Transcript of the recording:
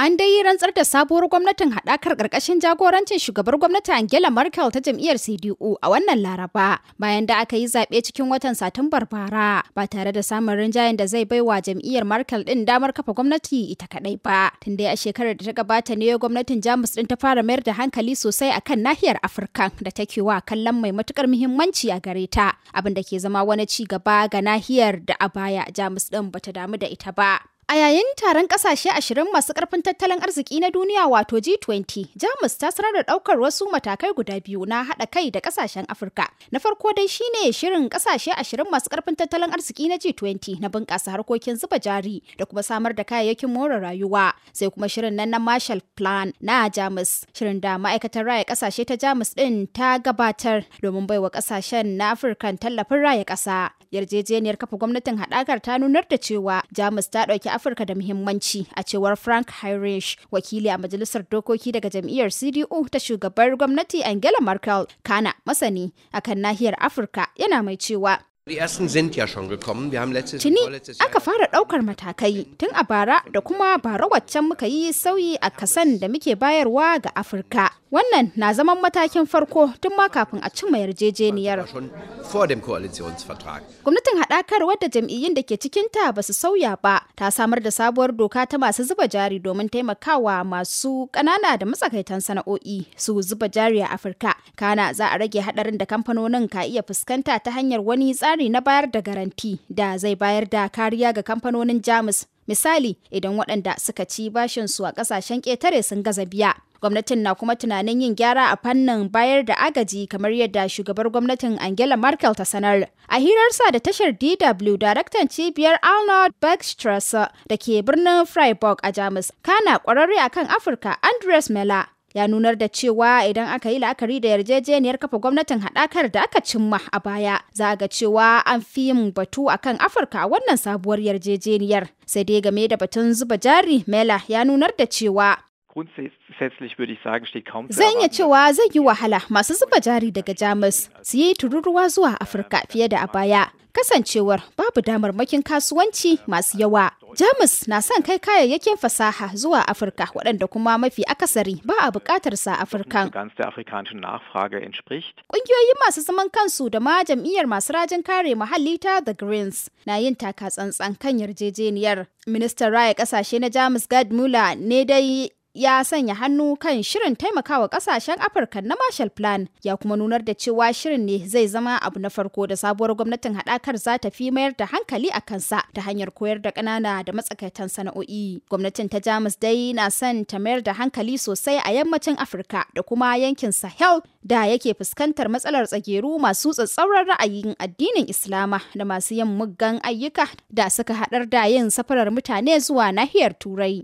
An dai yi rantsar da sabuwar gwamnatin haɗakar ƙarƙashin jagorancin shugabar gwamnati Angela Merkel ta jam'iyyar CDU a wannan Laraba bayan da aka yi zaɓe cikin watan Satumbar bara ba tare da samun rinjayen da zai baiwa jam'iyyar Merkel ɗin damar kafa gwamnati ita kaɗai ba. Tun dai a shekarar da ta gabata ne gwamnatin Jamus ɗin ta fara mayar da hankali sosai akan nahiyar Afirka da take wa kallon mai matuƙar muhimmanci a gare ta abin da ke zama wani ci gaba ga nahiyar da a baya Jamus ɗin bata damu da ita ba. A yayin taron ƙasashe ashirin masu karfin tattalin arziki na duniya wato G20, Jamus ta sanar da ɗaukar wasu matakai guda biyu na haɗa kai da kasashen Afirka. Na farko dai shine shirin kasashe ashirin masu karfin tattalin arziki na G20 na bunƙasa harkokin zuba jari da kuma samar da kayayyakin more rayuwa. Sai kuma shirin nan na Marshall Plan na Jamus, shirin da ma'aikatar raya kasashe ta Jamus ɗin ta gabatar domin baiwa ƙasashen na Afirka tallafin raya ƙasa. Yarjejeniyar kafa gwamnatin haɗakar ta nunar da cewa Jamus ta ɗauki Afirka da muhimmanci a cewar Frank Heinrich, wakili a Majalisar Dokoki daga jam'iyyar CDU ta shugabar gwamnati Angela Merkel, kana masani akan nahiyar Afirka yana mai cewa Die aka fara ɗaukar matakai tun a bara da kuma bara waccan muka yi sauyi a kasan da muke bayarwa ga Afirka. Wannan na zaman matakin farko tun ma kafin a cimma yarjejeniyar. Gwamnatin haɗakar wadda jam'iyyun da ke cikinta ba su sauya ba ta samar da sabuwar doka ta masu zuba jari domin taimakawa masu ƙanana da matsakaitan sana'o'i su zuba jari a Afirka. Kana za a rage haɗarin da kamfanonin ka iya fuskanta ta hanyar wani tsari tsari na bayar da garanti da zai bayar da kariya ga kamfanonin Jamus. Misali, idan waɗanda suka ci bashin su a ƙasashen ƙetare sun gaza biya. Gwamnatin na kuma tunanin yin gyara a fannin bayar da agaji kamar yadda shugabar gwamnatin Angela Merkel ta sanar. A hirarsa da tashar DW, daraktan cibiyar Arnold Bergstrasse da ke birnin Freiburg a Jamus, kana ƙwararre akan Afirka Andres Mela ya nunar da cewa idan aka yi la'akari da yarjejeniyar kafa gwamnatin haɗakar da aka cimma a baya za a ga cewa an fi yin batu a kan afirka a wannan sabuwar yarjejeniyar sai dai game da batun zuba jari mela ya nunar da cewa Zan iya cewa zai yi wahala masu zuba jari daga Jamus su yi tururuwa zuwa Afirka fiye da a baya kasancewar babu damarmakin kasuwanci masu yawa. Jamus na son kai kayayyakin fasaha zuwa Afirka waɗanda kuma mafi akasari ba a buƙatar sa Afirkan. Ƙungiyoyin masu zaman kansu da ma jam'iyyar masu rajin kare muhalli ta The Greens na yin taka tsantsan kan yarjejeniyar. Ministan raya ƙasashe na Jamus Gerd Muller ne dai ya sanya hannu kan shirin taimakawa kasashen afirka na marshall plan ya kuma nunar da cewa shirin ne zai zama abu na farko da sabuwar gwamnatin haɗakar za ta fi mayar da hankali a kansa ta hanyar koyar da ƙanana da matsakaitan sana'o'i gwamnatin ta jamus dai na son ta mayar da hankali sosai a yammacin afirka da kuma yankin sahel da yake fuskantar matsalar tsageru masu tsatsauran ra'ayin addinin islama da masu yin muggan ayyuka da suka haɗar da yin safarar mutane zuwa nahiyar turai